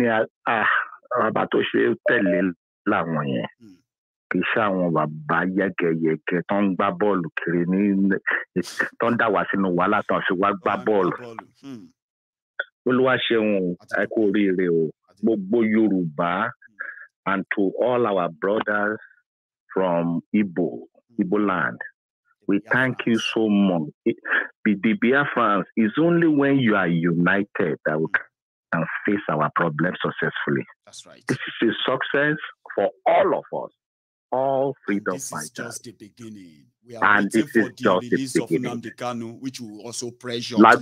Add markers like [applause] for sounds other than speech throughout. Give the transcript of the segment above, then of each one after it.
ní bàbá tó ṣe tẹ̀lé làwọn yẹn hmm. kì í ṣe àwọn bàbá yẹkẹyẹkẹ tó ń gbá bọ́ọ̀lù kiri ní tó ń dà wá sínú wàhálà tó ń ṣe wá gbá bọ́ọ̀lù hmm. olúwa ṣeun ẹ kú oríire o gbogbo yorùbá hmm. and to all our brothers from Ibo Ibo land we thank you so much the biafrans is only when you are united that we can. and face our problems successfully. That's right. This is success for all of us. All freedom fighters. This is just the beginning. We are and waiting for the release the of Nnamdi which will also pressure. Like,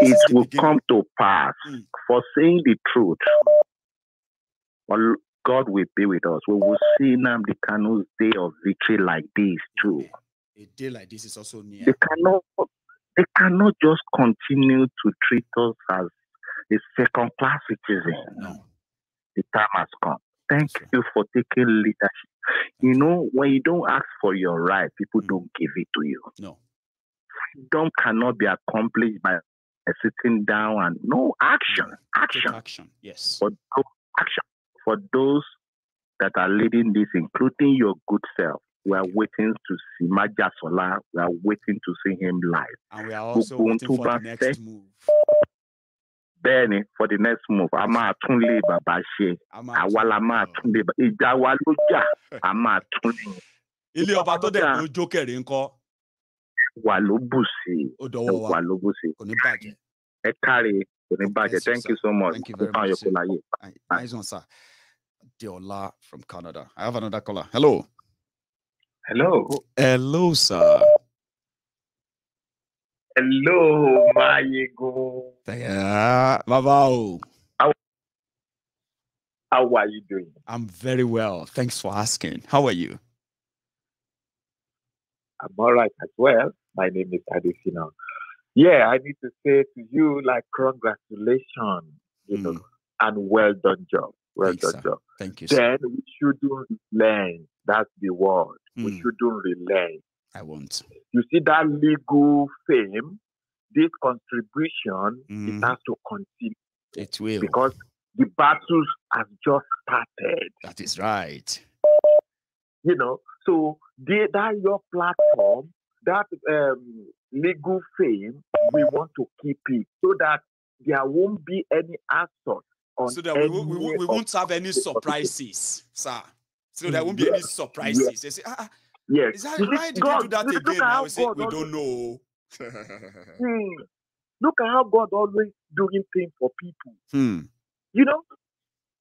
it will beginning. come to pass mm. for saying the truth. Well, God will be with us. We will see Nnamdi day of victory like this too. A day like this is also near. They cannot, they cannot just continue to treat us as a second class citizen no. the time has come thank you for taking leadership you know when you don't ask for your right people mm. don't give it to you no freedom cannot be accomplished by sitting down and no action action action yes for those, action for those that are leading this including your good self we are waiting to see Majasola. We are waiting to see him live. And we are also waiting for the next move. bẹ́ẹ̀ for the next move a máa tún lé bàbá ṣe àwa la máa tún lé bàbá ìjà wa ló jà a máa tún lé. ilé ọba tó dẹ̀ ló jókèrè ńkọ́. wà ló bù sí i wà ló bù sí i ẹ káre kò ní bàjẹ́ thank you so much fún àyọkọ láyé. nice one sir Deola from Canada I have another caller hello. hello. Oh, hello sir. Hello, Mayego. Yeah, How, how are you doing? I'm very well. Thanks for asking. How are you? I'm all right as well. My name is Adesina. Yeah, I need to say to you, like, congratulations, you mm. know, hmm. and well done job. Well Thanks, done sir. job. Thank you. Then sir. we shouldn't relent. That's the word. Mm. We hmm. shouldn't relent. I won't. You see that legal fame, this contribution, mm. it mm-hmm. has to continue. It will. Because the battles have just started. That is right. You know, so that your platform, that um, legal fame, we want to keep it so that there won't be any assault. So that we, we, we, we won't have any surprises, sir. So there won't be any surprises. They say, ah, ah Yes. Is that, why did God, do that look, again? Look now we don't know. hmm. Look at how God always doing things for people. Hmm. You know,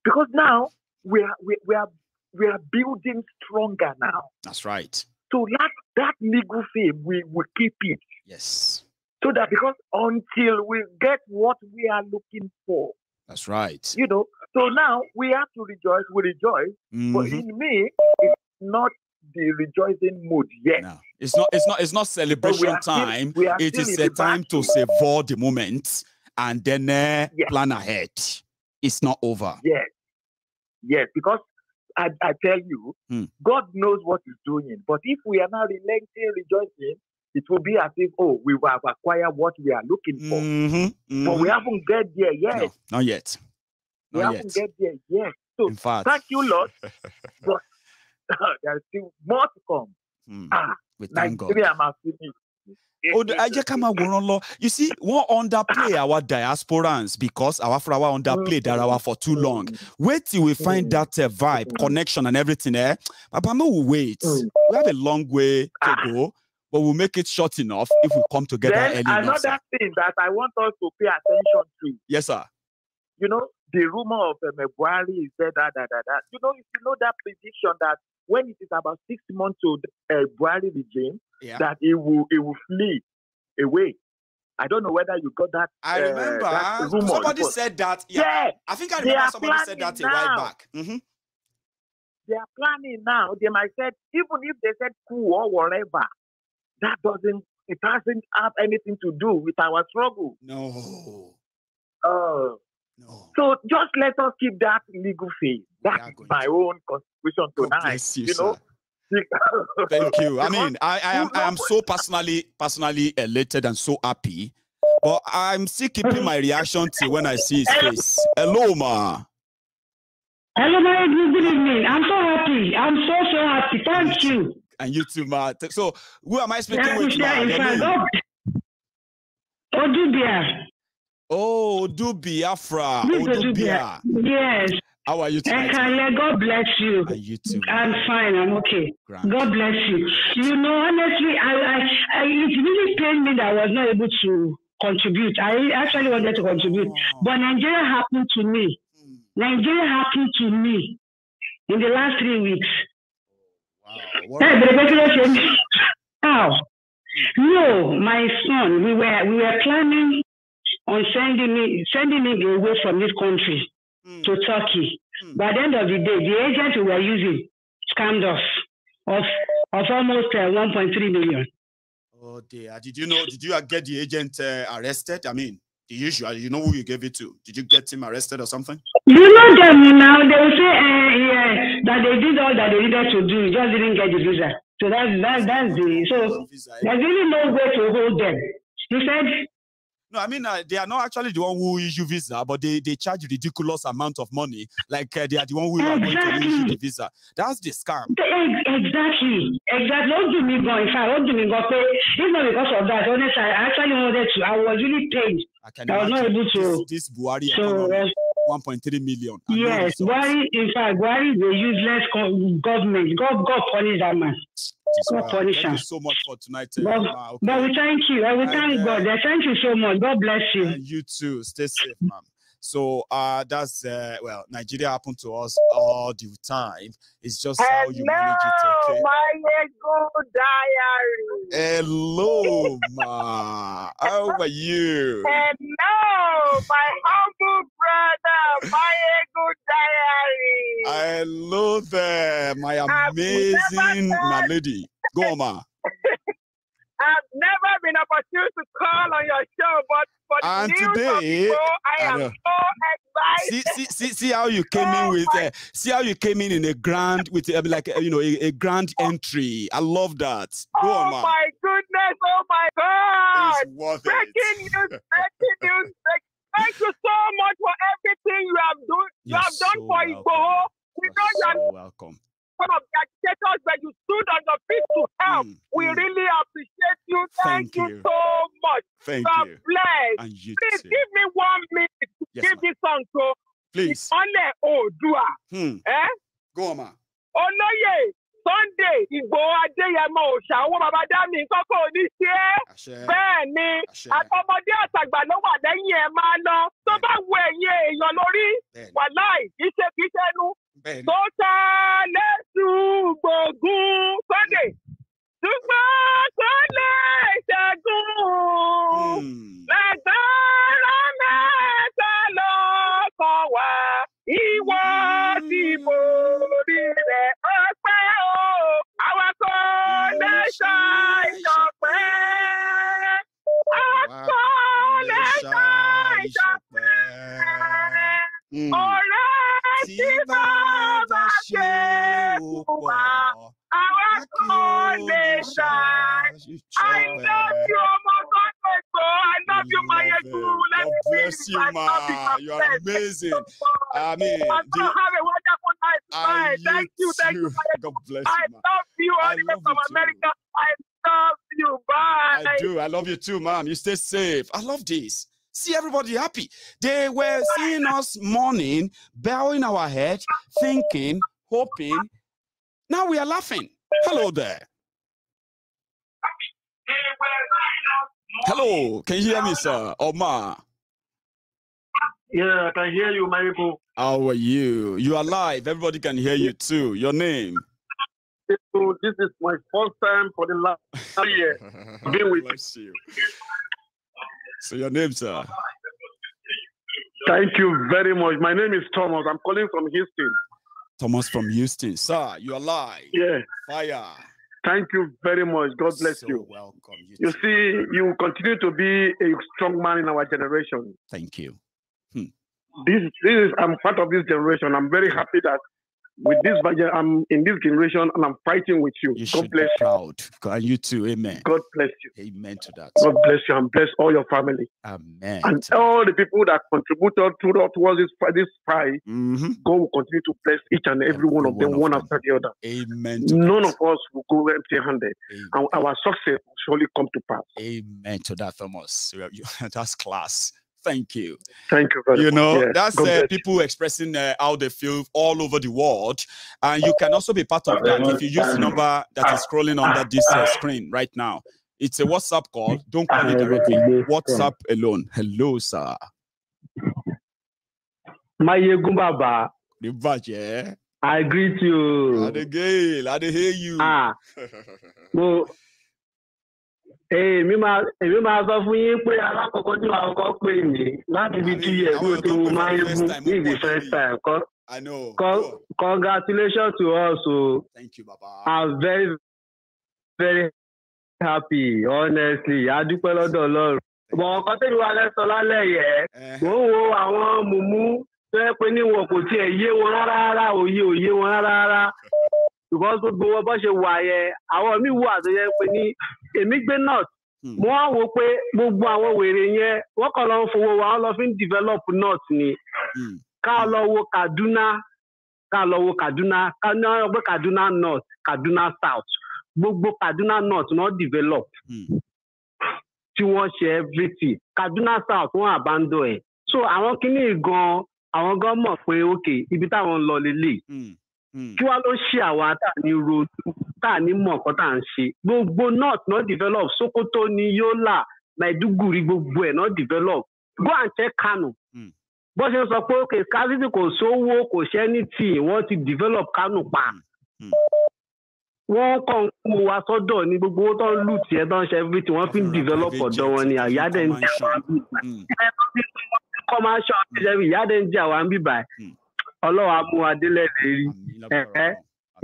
because now we are we, we are we are building stronger now. That's right. So that that legal fame we will keep it. Yes. So that because until we get what we are looking for. That's right. You know, so now we have to rejoice, we rejoice. Mm-hmm. But in me, it's not the rejoicing mood yet. No. It's not. It's not. It's not celebration time. Still, it is a time to savor the moment and then uh, yes. plan ahead. It's not over. Yes, yes. Because I, I tell you, hmm. God knows what He's doing. But if we are now relenting, rejoicing, it will be as if oh, we have acquired what we are looking for, mm -hmm. Mm -hmm. but we haven't get there yet. No, not yet. Not we yet. haven't get there yet. So, In fact, thank you, Lord. [laughs] but [laughs] there is still more to come. Mm. Ah, we thank God. Oh, I come You see, wọ́n underplay our diasporans because our flower underplay Darawa for too long. Wait till we find mm-hmm. that uh, vibe, mm-hmm. connection, and everything. Eh, Papa, we will wait. Mm. We have a long way to ah. go, but we'll make it short enough if we come together then early Another enough, thing that I want us to pay attention to. Yes, sir. You know, the rumor of um, Buhari is that, that, that, that. You know, if you know that prediction that when it is about six months old, uh, Buhari regime, yeah. that it will it will flee away. I don't know whether you got that. I uh, remember somebody report. said that. Yeah. yeah, I think I remember somebody said that now. a while back. Mm-hmm. They are planning now. They might say even if they said coup or whatever, that doesn't it doesn't have anything to do with our struggle. No. Uh, no. So just let us keep that legal faith. That's my own which on tonight, you, you know. Thank you. I [laughs] mean, I, I am I am so personally personally elated and so happy, but I'm still keeping my reaction to when I see his face. Hello, ma. Hello, ma. Good evening. I'm so happy. I'm so so happy. Thank you. And you too, ma. So, who am I speaking with, ma? Odubia. Oh, Odu Biafra. Yes. How are you can Ekale, God bless you. Are you too? I'm fine. I'm okay. Grand. God bless you. You know, honestly, I, I, I it really pained me that I was not able to contribute. I actually wanted to contribute, oh. but Nigeria happened to me. Hmm. Nigeria happened to me in the last three weeks. Wow. What? How? Hmm. No, my son, we were we were planning on sending me sending him away from this country. Hmm. to Turkey. Mm. By the end of the day, the agent we were using scammed us of of almost uh, 1.3 million. Oh dear! Did you know? Did you get the agent uh, arrested? I mean, the usual. You know who you gave it to? Did you get him arrested or something? You know them now. They will say uh, yeah, that they did all that they needed to do. Just didn't get the visa. So that's that's that's the so eh? there's really no way to hold them. He said no, I mean uh, they are not actually the one who issue visa, but they they charge ridiculous amount of money. Like uh, they are the one who exactly. are going to issue the visa. That's the scam. Exactly, exactly. Don't do me go? I do what do me go? Pay? It's not because of that. Honestly, I actually wanted to. I was really paid. I, can I was not able to. This, this Buhari so, economy. Uh, 1.3 million. Yes, no why, in fact, why is useless government? God, God punish that man. God punish him. so much for tonight. Uh, but, okay. but we thank you. I will and, thank uh, God. I thank you so much. God bless you. you too. Stay safe, ma'am. So uh, that's uh, well, Nigeria happened to us all the time. It's just Hello, how you manage it. Okay? my ego diary. Hello, ma. How are you? Hello, my humble brother, uh, my ego diary. Hello there, my amazing my lady. Go on, ma. [laughs] I've never been opportune to call on your show, but for and today, people, I, I am so excited. See, see, see, how you came oh in with, uh, see how you came in in a grand with uh, like uh, you know a, a, grand entry. I love that. Go oh on, man. my goodness! Oh my God! It's worth breaking it. news! Breaking [laughs] news! Thank you so much for everything you have done. You You're have done for Igbo. We know so welcome. one of the agitators, but you stood on your feet to help. Mm, we mm. really appreciate you. Thank, Thank you. you. so much. Thank God you. bless. And you Please too. give me one minute to yes, give this song to Please. Ìpọ́nlẹ̀ Oòdùà. Hmm. Eh? Go on, ma. Olóyè Sunday Ìgbòho Adéyẹmọ Òòṣà owó bàbá Dámì kọ́kọ́ òní ṣe é. Bẹ́ẹ̀ ni àtọmọdé àtàgbà ló wà lẹ́yìn ẹ̀ máa lọ. Tó bá wo ẹ̀yìn èèyàn lórí, wàláì kì í ṣe kì í ṣe ẹnu tó ta lẹ́sùn gbògùn sunday ṣùgbọ́n kò lè ṣẹ́gun lágbára hmm. mẹ́ta lọ́kọ̀ wá ìwọ ti hmm. borí rẹ̀ ọpẹ́ o awakọ̀ lè ṣàìṣọpẹ́ awakọ̀ lè ṣàìṣọpẹ́. ọ̀rẹ́ tí bàbá ṣe wà àwa kò lè ṣá I love you ọmọ tó ṣe gbọ́ I love you my yegu let me bless you ma you are amazing I mean the. I thank you, thank you. God bless you. I love you all the way from America. I love you. Bye. I do. I love you too, ma'am. You stay safe. I love this see everybody happy. They were seeing us mourning, bowing our head, thinking, hoping. Now we are laughing. Hello there. Hello, can you hear me, sir? Omar. Yeah, I can hear you, Maribu. How are you? You are live. Everybody can hear you too. Your name? This is my first time for the last year. [laughs] Been with Bless you. So your name, sir? Thank you very much. My name is Thomas. I'm calling from Houston. Thomas from Houston. Sir, you are live. Yeah. Fire. Thank you very much. God bless so you. Welcome. You, you see, you continue to be a strong man in our generation. Thank you. Hmm. This, this is, I'm part of this generation. I'm very happy that with this virgin, I'm in this generation and I'm fighting with you. you God bless you. Proud. you too. Amen. God bless you. Amen to that. God bless you and bless all your family. Amen. And all the people that contributed to, towards this, this fight, mm-hmm. God will continue to bless each and every, every one of them, one, them. after the other. Amen. None that. of us will go empty handed. And our success will surely come to pass. Amen to that, Thomas. [laughs] That's class. Thank you. Thank you. Very you know, yes. that's uh, people expressing uh, how they feel all over the world. And you can also be part of that if you use the number that is scrolling under this uh, screen right now. It's a WhatsApp call. Don't call it directly. WhatsApp alone. Hello, sir. my Baba. I greet you. I dey I dey you. Ah. [laughs] èmi máa èmi máa sọ fún yín pé alákọ̀ọ́kọ́ tí wàá kọ́ pè mí láti fi di ẹ̀gbọ́n tí mo máa ń gún ní the first time kọ́ congratulations to us o Thank you, Baba. i'm very very happy honestly adúpẹ́ lọ́dọ̀ ọlọ́run bọ̀ ọkọ tẹ́lẹ̀ wà lẹ́sọ̀ lálẹ́ yẹ mò ń wo àwọn mùmú tó yẹ pé níwọ̀n kò tiẹ̀ yé wọn rárá òye òye wọn rárá because gbogbo wọn bọ́ ṣe wà yẹn àwọn míì wà tó yẹ pé ní èmi gbé north hmm. mo wá wo pé gbogbo àwọn wèrè yẹn wọ́n kàn lọ fowó wa wọ́n lọ fi ń develop north ni hmm. ká lọ wo Kaduna ká lọ wo Kaduna ká ní wọ́n pé Kaduna north Kaduna south gbogbo Kaduna north náà develop hmm. tí wọ́n ṣe everything Kaduna south wọ́n àbándọ̀ ẹ̀ so àwọn kìíní gan àwọn gan mọ̀ pé ok ibi táwọn ń lọ lélẹ̀ Hmm. kí wá ló ṣe àwa tá à ní ronú tá à ní mọ̀ nǹkan tá à ń ṣe gbogbo north náà develop Sokoto ni Yola Maiduguri gbogbo ẹ̀ náà develop go and check Kano hmm. bó ṣe ń sọ pé okay scarcity kò sówó kò ṣẹ́ni tì wọ́n ti develop Kano pa hmm. wọ́n kàn ń kó wa sọ́dọ̀ ní gbogbo owó tó ń lù tiẹ̀ tó ń ṣe everything wọ́n fi ń develop ọ̀dọ̀ wọn ni àyáde ń jẹ́ àwọn àbí ìgbà ẹ̀ tó ti ń kọ́ máa ń ṣọ́ ìyáde ń jẹ́ àwọn àbí ìgbà ọlọ́wà mú adélẹ́dẹ̀ rí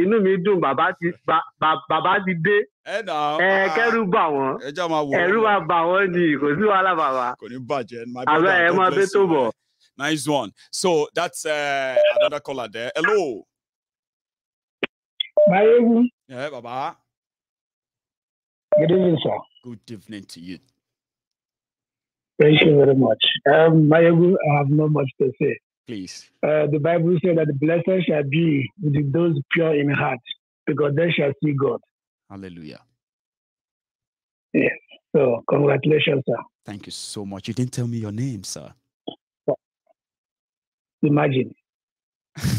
inú mi dùn bàbá ti dé ẹ ah, kẹrù bà wọn ẹrù máa bà wọn ni kò sí wàhálà bàbá àlọ ẹ máa bẹ tó bọ. Nice one. So that's uh, another caller there. Hello. Bayewu. Yeah, Baba. Good evening, sir. Good evening to you. Thank you very much. Um, I have not much to say. please. Uh, the Bible says that the blessed shall be those pure in heart, because they shall see God. Hallelujah. Yes. So, congratulations, sir. Thank you so much. You didn't tell me your name, sir. Imagine.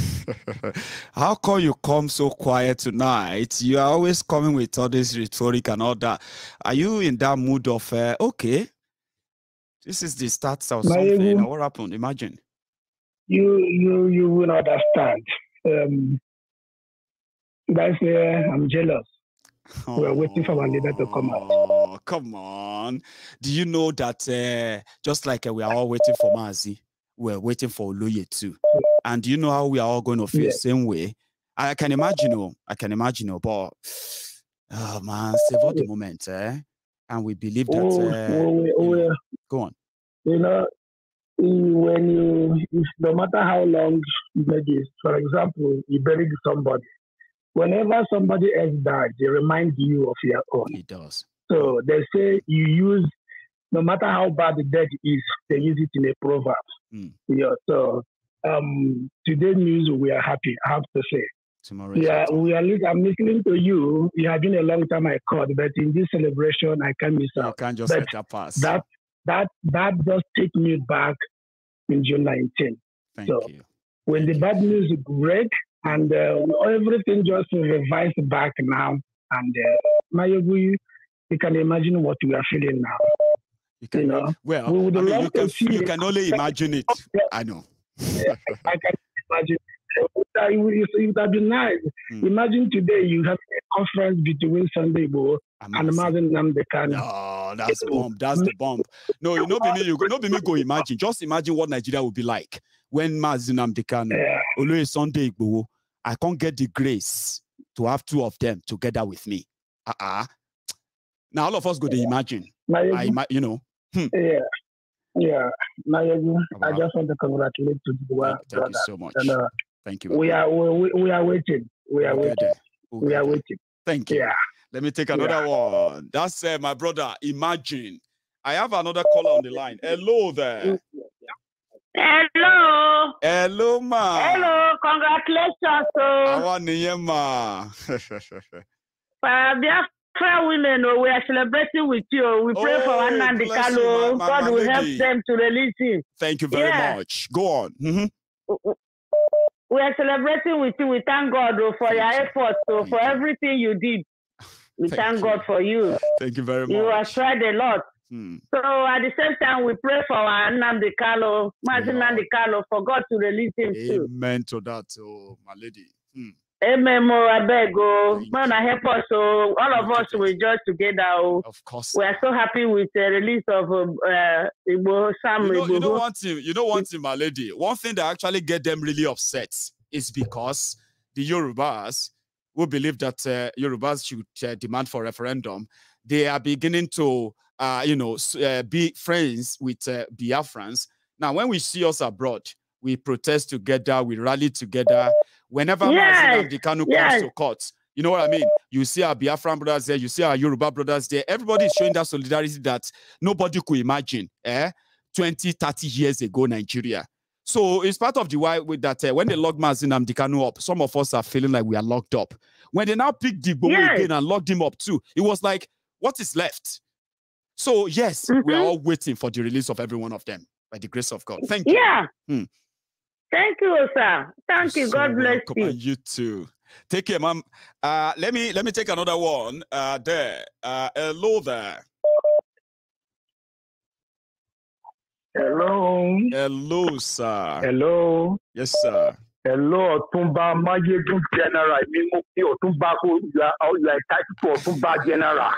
[laughs] How come you come so quiet tonight? You are always coming with all this rhetoric and all that. Are you in that mood of, uh, okay, this is the start of something? what happened? Imagine you you you will understand. Um, that's where I'm jealous. Oh, We're waiting for one leader to come out. Oh, come on. Do you know that uh, just like uh, we are all waiting for Mazi, we're waiting for Oluye too. And do you know how we are all going to feel yeah. the same way? I can imagine, oh, I can imagine, oh, but oh man, save the moment, eh? And we believe that. Oh, uh, oh, oh, oh, yeah. Go on. You know, when you, if, no matter how long it is, for example, you buried somebody, whenever somebody else dies, they remind you of your own. It does. So they say you use, no matter how bad the death is, they use it in a proverb. Mm. Yeah. So um, today news we are happy. I have to say. Tomorrow. Yeah, we are. I'm listening to you. You have been a long time I called, but in this celebration I can't miss out. You can't just catch let that pass. That that that just take me back in June 19. Thank so you. when the bad news break and uh, everything just revised back now, and my uh, you can imagine what we are feeling now. You, can, you know, well, we would I mean, love you, can, to see you can only imagine it. I know. [laughs] I can imagine you would have been nice. Mm. Imagine today you have a conference between Sunday Igbo and Mazen Namdekan. Oh, that's bomb. That's the bomb. No, you know, me, you know, me go imagine. Just imagine what Nigeria would be like when Mazen Namdekan, yeah. Sunday I can't get the grace to have two of them together with me. Uh-uh. Now all of us go to yeah. imagine. My, I ima- you know. Hmm. Yeah. Yeah. Maegu, I just want to congratulate you. Thank, thank you so much. And, uh, Thank you. We are we, we are waiting. We are waiting. Okay. We are waiting. Thank you. Yeah. Let me take another yeah. one. That's uh, my brother. Imagine. I have another caller on the line. Hello there. Mm. Hello. Hello, ma. Hello. Congratulations. Awa niye ma. Biafra [laughs] women, oh, we are celebrating with you. We pray oh, for Anandi Kalu. God will help them to release him. Thank you very yeah. much. Go on. Mm -hmm we are celebrating with you. We thank God oh, for thank your you. efforts, oh, for you. everything you did. We thank, thank God for you. Thank you very much. You have tried a lot. Hmm. So at the same time, we pray for our Nnamdi Kalo, Martin Nnamdi Kalo, for God to release him Amen too. Amen to that, oh, my lady. Hmm. Amen, Abego. Oh. Man, help us. So oh. all of us will join together. Oh. Of course. We are so happy with the release of uh, uh Igbo Sam. You, know, you don't want to. You don't want to, my lady. One thing that actually get them really upset is because the Yorubas who believe that uh, Yorubas should uh, demand for referendum, they are beginning to, uh, you know, uh, be friends with uh, Biafrans. Now, when we see us abroad, we protest together, we rally together, Whenever yes. Mazi Kanu yes. comes to court, you know what I mean? You see our Biafran brothers there, you see our Yoruba brothers there. Everybody is showing that solidarity that nobody could imagine eh, 20, 30 years ago, Nigeria. So it's part of the why with that uh, when they locked Mazin Amdekanu up, some of us are feeling like we are locked up. When they now picked Dibo yes. again and locked him up too, it was like, what is left? So yes, mm -hmm. we are mm-hmm. all waiting for the release of every one of them by the grace of God. Thank you. Yeah. Hmm. Thank you, sir. Thank you. So God bless welcome. you. And you too. Take care, ma'am. Uh, let me let me take another one. Uh, there. Uh, hello there. Hello. Hello, sir. Hello. Yes, sir. Hello, Otunba Mayegun General. Mi mú kí Otunba kó ya ọ̀yà ìtàkì fún General.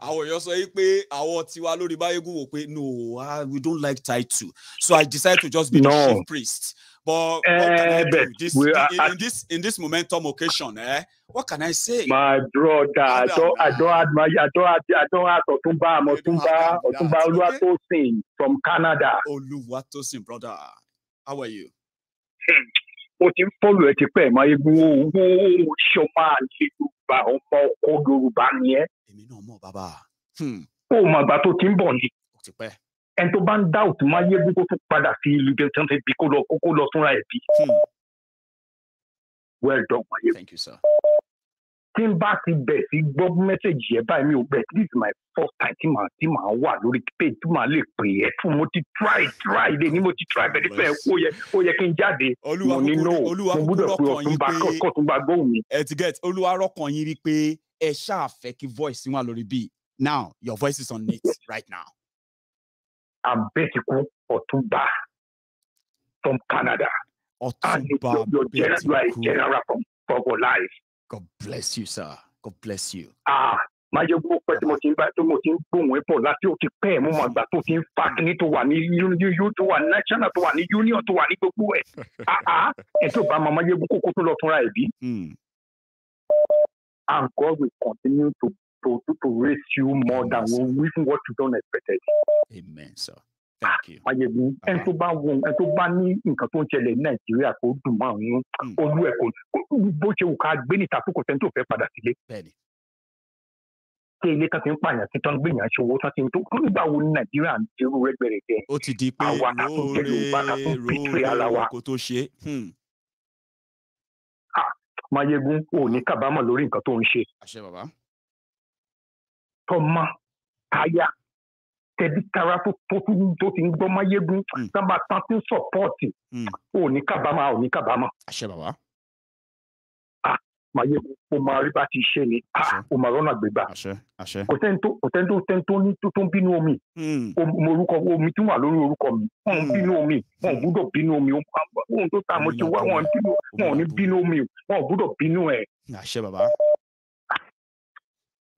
I [laughs] èèyàn just yìí I àwọn tiwa lórí Mayegun wò pé no, ah, we don't like title. So I decided to just be no. the chief priest. But uh, but this, are, in, in, this in this momentum occasion, eh? What can I say? My brother, I don't I don't admire I don't I don't have Otumba Otumba Otumba Oluwatosin from Canada. Oluwatosin, brother, how are you? Hmm. o ti ń fọlù ẹ ti pẹ́ máa yegun owó ṣọ máa ṣe yorùbá ọmọ ọkọ yorùbá nìyẹn. èmi náà mọ̀ bàbá. ó hmm. mọ̀ àgbà tó ti ń bọ̀ ni. ó ti pẹ́ ẹni tó bá ń dá máa yé gbogbo tó padà sí ìlú ibi tí wọ́n ti bí kókó lọ fúnra ẹ̀ bí. Hmm. well done wáyé. thank you sir. tí n bá ti bẹ̀ sí gbọ́ mẹ́sẹ̀gì ẹ̀ báyìí mi ò bẹ̀ this is my first time tí màá tí màá wà lórí page tí màá lè pè é fún mo ti try try dé ni mo ti try bẹ́ẹ̀ nípa ẹ̀ ó yẹ ó yẹ kí n jáde mo ní no mo gbúdọ̀ pé ọ̀túnba kọ̀ọ̀túnba gbóhùn mi. ẹ ti get olúwa rọkàn yín rí pé ẹ ṣáà fẹ́ kí voice wà lórí bíi now your voice is on it right now. Ambetiku Otuba from Canada. Otuba and you are general from Fogo Life. God bless you, sir. God bless you. Ah, máa yẹ gbogbo pẹ́ tí mo ti ń bá tí mo ti ń gbóhùn ẹ̀pọ̀ láti ó ti pẹ́ mo máa gbà tó ti ń fa kíní tó wà ní union tó wà ní national tó wà ní union tó wà ní gbogbo ẹ̀ [laughs] àá ẹ̀ tó bá màmá yẹ gbogbo kókó tó lọ fúnra ẹ̀ bí. Hmm. And God will continue to to, to, to raise you more Amen, than even what you don't expect. Amen, sir. Ayẹ̀bí ẹni tó bá wo ẹni tó bá ní nǹkan tó ń ṣẹlẹ̀ ní Nàìjíríà kó dùn máa ń hmm. olú ẹ̀ kó bó ṣe wù ká gbé níta tó kò sẹ́ni tó fẹ́ padà sílé. Ṣé ilé kan ti ń pààyàn tí tán gbìyànjú ṣòwò tán ti ń tó nígbà wo ní Nàìjíríà ń dirú rẹ́gbẹ̀rẹ̀gbẹ̀. Ó ti di pé roore roore kò tó ṣe mayegun hmm. ah, ò ní kábàámọ̀ lórí nǹkan tó ń ṣe. àṣẹ bàbá tọmọ táyà tẹbi tara tó tó ti ń gbọ́ máyégún sábà mm. tán tí ń sọ̀pọ́ọ̀tì òní mm. kábàámọ̀ òní kábàámọ̀. àṣẹ bàbá. ah máyégún o máa rí bá ti ṣe ni ah o máa rọ́nà gbégbá kò sẹ́ni tó kò sẹ́ni tó sẹ́ni tó ní tó ń bínú omi mm. orúkọ omi tí wà lórí orúkọ mi wọn ń bínú omi wọn ò gbúdọ̀ bínú omi ohun tó ta mo ti wá wọn ò ní bínú omi wọn ò gbúdọ̀ bínú ẹ̀. àṣẹ bàbá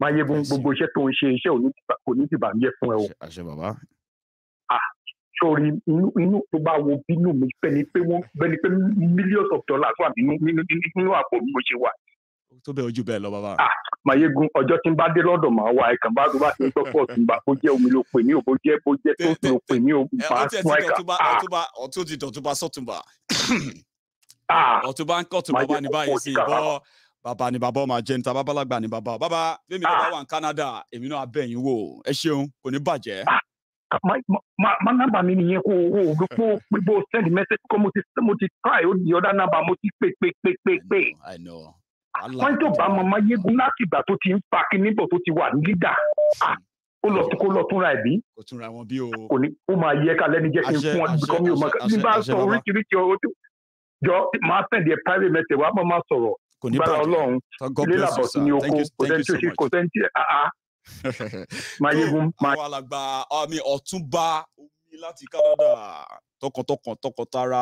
máyégún gbogbo iṣẹ́ tó ń ṣe iṣẹ́ kò ní ìbànújẹ́ fún ẹ o. àṣẹ bàbá. sori inú inú tó bá wo bínú mi bẹ́ni pé wọ́n bẹ́ni pé millions of dollars wà nínú nínú nínú àpò mi mo ṣe wà. tó bẹ ojú bẹ́ẹ̀ lọ bàbá. máyégún ọjọ́ tí n bá dé lọ́dọ̀ máa wà ẹ̀kan bá tó bá ti ń tọ́ pọ̀ tí n bá bó jẹ́ omi ló pè mí o bó jẹ́ bó jẹ́ tó tó pè mí o bá fún ẹ̀ka. ọtún ti dọ̀tún bá sọ́tún bá ọtún bá ń kọ́ tó bá ní báyìí sí ìbọn bàbá ni bàbá ọmọ àjẹni bàbá lágbà ni bàbá bàbá bẹ́ẹ̀ mi bàbá ah. wà ní Canada èmi náà abẹ́yìn wò ẹ ṣeun kò ní bàjẹ́. Ah. má nọ́mbà mi nìyẹn kó o rò pé pé bó o send message kó mo ti mo ti try ó di ọ̀dà nọ́mbà mo ti pè pè pè pè pè. wọ́n bá mama yegun láti ìgbà tó ti ń fa kíní bọ̀ tó ti wà ní lídà kó ah, lọ kó lọ túnra ẹ̀ bí. kò túnra wọn bí o. kò ní ó máa yẹ ká lẹ́ni jẹ́ kí n fún ọ bí kò mi ò máa bí bá sọ oríṣiríṣi ọjọ́ jọ máa send ẹ̀ private message wàá máa sọ̀rọ̀ kò ní bàjẹ́ ọlọ́run lílàbọ̀ sí ni oko kò sẹ́ni tí ó ṣe kò sẹ́ni tí àá mayegun. àwọn alàgbà àmì ọ̀túnba omi láti Canada tọkàntọkàn tọkàntara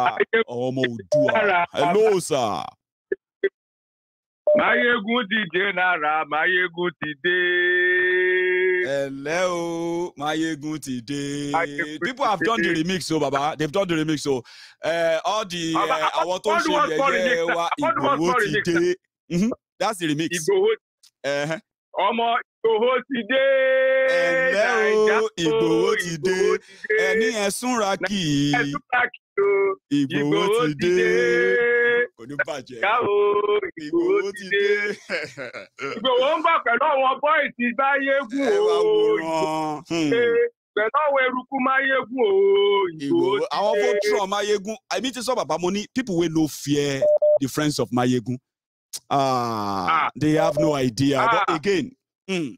àwọn ọmọ Oòduà hello sir. mayegun dìde nara mayegun dìde. Hello, good Tide. People have done the remix, so oh, Baba. They've done the remix, so uh, eh, all the uh, eh, want tó ń ṣe yẹ̀yẹ́ wa Igboho Tide. Mm-hmm. That's the remix. Igboho. Uh-huh. Ọmọ Igboho Tide. Ẹ̀lẹ́ o, Igboho Tide. Ẹni ẹ̀sùn ra kì í. Ẹ̀sùn ra kì Ìgbòho ti dé kò ní bàjẹ́ káwo Ìgbòho ti dé. Ìgbòho ń bọ̀ pẹ̀lú àwọn bọ́ìsì báyégún o hmm. pẹ̀lú àwọn eruku máyégún o Ìgbòho ti dé. àwọn votron máyégún èmi ti sọ bàbá mo ní people wey no fear the friends of máyégún ah, ah. they have no idea but ah. again. Mm,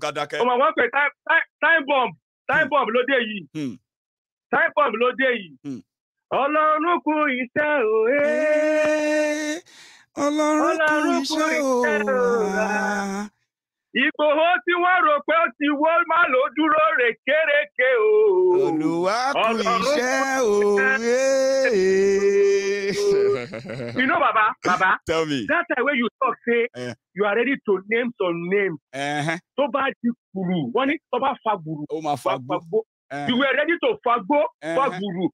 ká dákẹ́. ọmọ wọn pe time bomb time hmm. bomb ló dé yìí. Hmm typhoid ló dé yìí hmm. ọlọ́run kú iṣẹ́ o eh. Eh, ọlọ́run kú iṣẹ́ o ah. ìgbòho tí wọ́n rò pé ó ti wó má ló dúró rèkérèké o olùwà kú iṣẹ́ o. Eh. you know baba baba tell me that time wey you talk say uh, you are ready to name some names tó bá di gbùrù wọ́n ní tó bá fa gbùrù ó máa fa gbùrù uh You were ready to fagbo, faguru,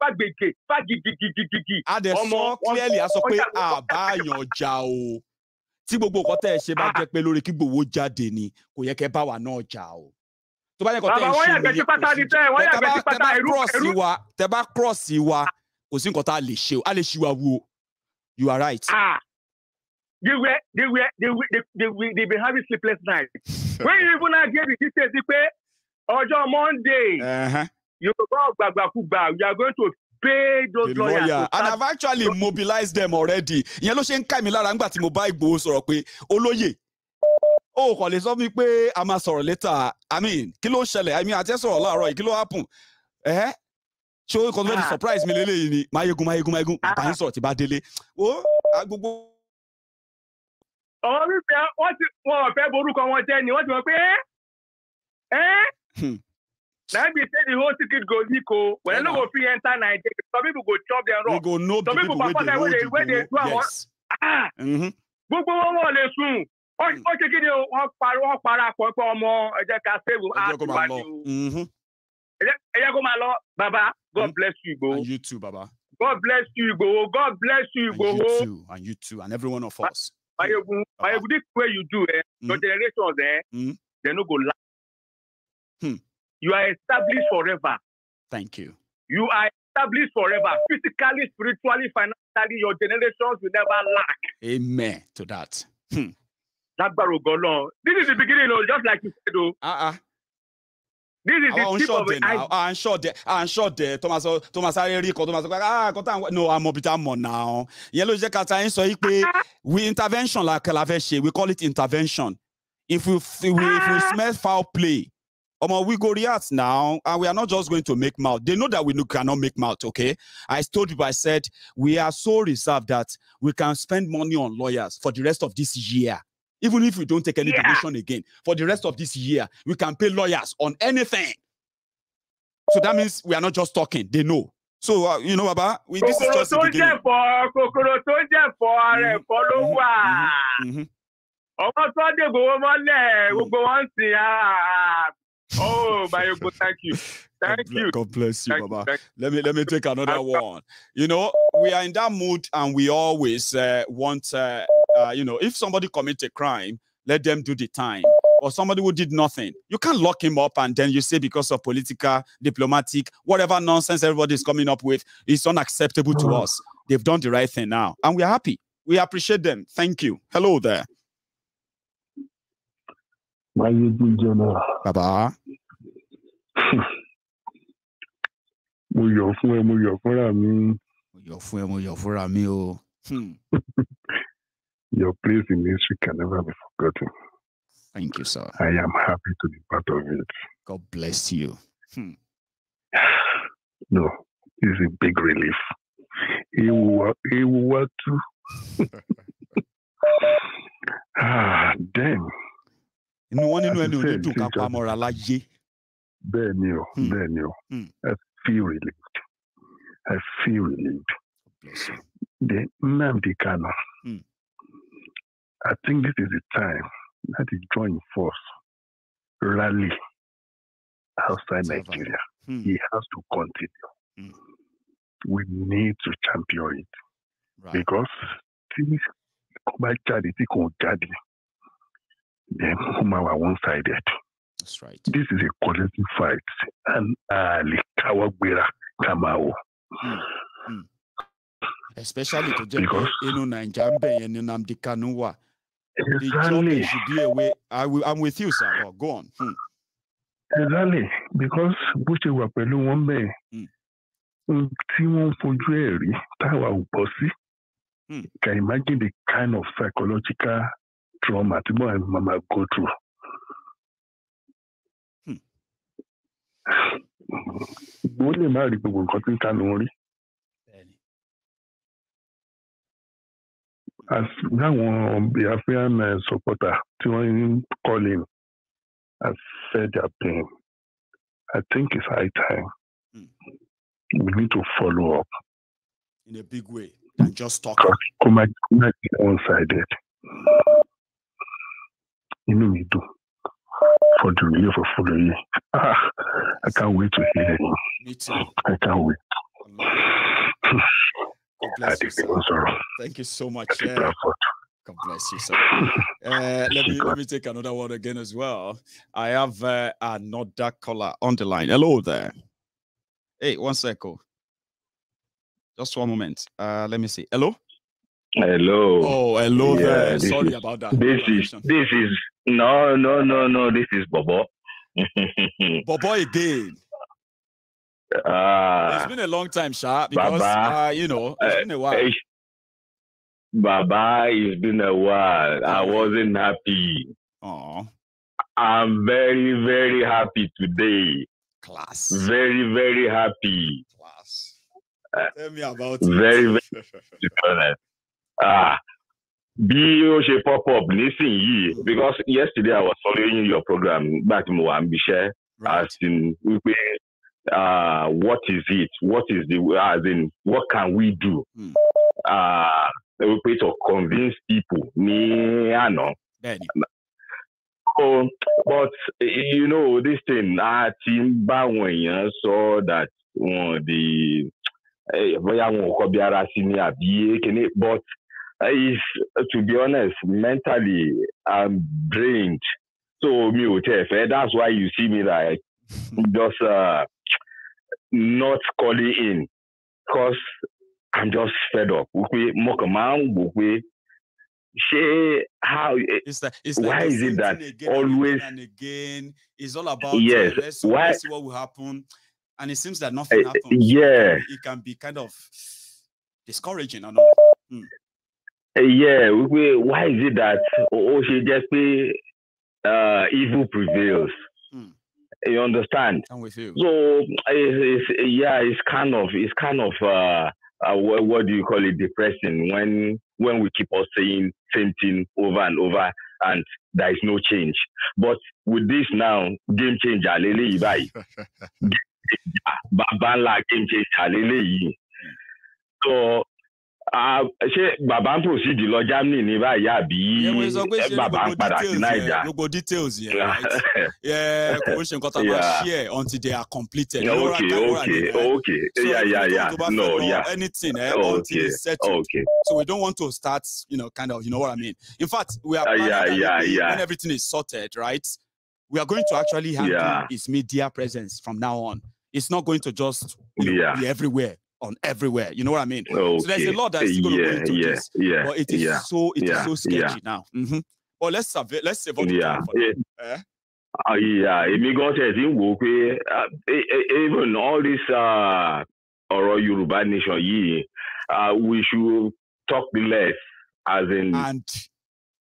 fagbègbè, fagigigigigigi. A dẹ̀ sọ clearly a sọ pé àbáyàn jà o. Tí gbogbo nǹkan tẹ̀ ẹ ṣe bá jẹ́ pé lórí kí gbowó jáde ni, kò yẹ kẹ́ bá wa náà jà o. Tó bá yẹ kọ́ tẹ̀ ẹ ṣe lórí kò sí jà. Tẹ bá cross wa, tẹ bá cross wa, kò sí nǹkan tá a lè ṣe o, a lè ṣi wa wu o. You are right. Ah. They were, they were, they were, they, they, they, they been having sleepless nights. When you even now get the details, they pay ọjọ́ monday yorùbá ọ̀gbàgbàkúgbà we are going to pay those the Lawyer. and i've actually mobilized them already ìyẹn ló ṣe ń ká mi lára nígbà tí mo bá Ìgbòho sọ̀rọ̀ pé olóyè ó kàn lè sọ mi pé a máa sọ̀rọ̀ later i mean kí ló ṣẹlẹ̀ i mean àti Ẹ sọ̀rọ̀ láàárọ̀ yìí kí ló happen mayegun mayegun mayegun sọ̀rọ̀ tí bá délé o wọ́n ti fẹ́ borúkọ wọn jẹ́ ni wọ́n ti mọ̀ Hmm. na be say the whole ticket go leak o oh, well no go free enter nigeria some people go chop their rock some people papa dem wey They wey dey do àwọn ah mm-hmm. gbogbo wọn wọn lè sùn ó hmm. ṣe kí ni wọn parí wọn para pọ̀ pé ọmọ ẹ jẹ́ ká save art wájú mm-hmm. ẹ jẹ́ kó máa lọ baba god hmm. bless you go. and you too baba god bless you go. god bless you go. and you too and you too and every one of us. mayegun mayegun this way you do eh your generations eh They no go laugh. Hmm. You are established forever. Thank you. You are established forever, physically, spiritually, financially. Your generations will never lack. Amen to that. Hmm. lagbaro go long. this is the beginning o oh, just like you said o. Oh. Uh-uh. this is the tip of i. à ń ṣọ̀dẹ̀ à I'm máa sáré rí Thomas tó máa sọ pé ah kan tá no I'm a bit more now. Yellow jẹ́ kata ń sọ yìí pé [laughs] we intervention la kẹ́la we call it intervention if we if we, if we ah. smell foul play Omo, we go react now, and we are not just going to make mouth. They know that we cannot make mouth, okay? I told you. I said, we are so reserved that we can spend money on lawyers for the rest of this year. Even if we don't take any yeah. donation again, for the rest of this year, we can pay lawyers on anything. So that means we are not just talking. They know. So, uh, you know, Baba, we, this is just the beginning. Kòkòrò tó jẹ́ mm-hmm. mm-hmm. mm-hmm. Ọmọ Sunday gbowó mọ́lẹ̀, mm. gbogbo wọn ń sìn ah, ah, ah. Oh, my God, thank you. Thank God you. God bless you, thank Baba. You, let me let me take another one. You know, we are in that mood, and we always uh, want, uh, uh, you know, if somebody commits a crime, let them do the time. Or somebody who did nothing, you can't lock him up, and then you say because of political, diplomatic, whatever nonsense everybody's coming up with, it's unacceptable to mm-hmm. us. They've done the right thing now, and we're happy. We appreciate them. Thank you. Hello there. Bye bye. mo yọ̀ fún ẹ mo yọ̀ fúnra mi. mo yọ̀ fún ẹ mo yọ̀ fúnra mi o. Hmm. Your place in history can never be forgotten. Thank you, sir. I am happy to be part of it. God bless you. Hmm. [sighs] No, it's a big relief. Ewu watu. [laughs] [sighs] ah, damn inú wọn nínú ẹni òní dùn ká pamọ́ra láyé. bẹ́ẹ̀ ni o hmm. bẹ́ẹ̀ ni o I hmm. feel relieved I feel relieved the Nnamdi Kanu hmm. I think this is the time that he join force rally outside Nigeria he has to continue we need to champion it because tí kò bá jáde tí kò jáde then whom are one sided. That's right. This is a collective fight. And Ali Kawagbera Kamau. Hmm, hmm. Especially to jẹ́ pé inú Nàìjíríà ń bẹ̀ yẹn The should be I I'm with you, sir. Oh, go on. Hmm. Exactly. Because Bushi ṣe wà pẹ̀lú wọn bẹ́ẹ̀ Can you Can imagine the kind of psychological trauma tí màá ma ma go through. Hmm. Mo lè má rí gbogbo nǹkan tí ń ta ló Láwọn Biafran eh, supporter tí wọ́n ń calling has said their pain. I think it's high time. Mm. We need to follow up. In a big way than just talking. Come on, one-sided. inú mi dùn for the relief of Fuloye. I can't wait to hear it. Me too. I can't wait. you, sir. Thank you so much. God bless you, sir. Uh, [laughs] let, me, let me take another one again as well. I have uh, another caller on the line. Hello there. Hey, one second. Oh. Just one moment. Uh, let me see. Hello. Hello. Oh, hello yeah, there. Sorry is, about that. This is this is no, no, no, no. This is Bobo. [laughs] Bobo again. Uh, it's been a long time, Sha, because Baba, uh, you know, it's been a while. Uh, Baba, it's been a while. I wasn't happy. Oh. I'm very, very happy today. Class. Very, very happy. Class. Eh. Tell me about it. Very, very to [laughs] be honest. Ah, bí ó ṣe pop up nísìnyìí because yesterday I was following your program nígbà tí mo wà ń bíṣẹ́ as in wípé uh, what is it what is the as in what can we do hmm. ah, wípé uh, to convince people ní àná. So, but you know this thing a ti ń bá àwọn èèyàn sọ that wọn di eh, bóyá wọn ò kọ bí ara sí ni àbí kíní but. Uh, is uh, to be honest mentally i'm drained so me that's why you see me like just uh, not calling in because i'm just fed up she, how it's like, it's why like is it that again always and again it's all about uh, yes uh, let's, why, let's see what will happen and it seems that nothing uh, happens yeah it can be kind of discouraging or not yeah why is it that ó just jẹ́ pé uh, evil prevails hmm. you understand I'm with you. so it's, it's, yeah it's kind of it's kind of uh, uh, what, do you call it depressing when when we keep on saying same thing over and over and there is no change but with this now game changer lele báyìí [laughs] baba ńlá game changer leleyi so ṣé bàbá ń proceed lọ Germany ní báyìí àbí bàbá ń padà sí Naija. gbogbo details yẹn [laughs] kò ó ṣe nǹkan tá a máa share until they are completed. Yeah, okay okay okay yeah yeah yeah no yeah anything eh, okay okay. so we don't want to start you know kind of you know what I mean in fact we are planning yeah, yeah, yeah. when everything is sorted right we are going to actually handle yeah. his media presence from now on it's not going to just you know, yeah. be everywhere on everywhere. You know what I mean? Okay. So there's a lot that's going yeah, to yeah, this, yeah, but it is yeah, so it yeah, is so sketchy now. Mm -hmm. But let's save let's save up. Yeah. Eh. Eh? Ah, yeah. Àyà Yeah, gan ṣe ti ń eh, even all this uh ah, or Yorùbá nation yìí uh, we should talk less as in. And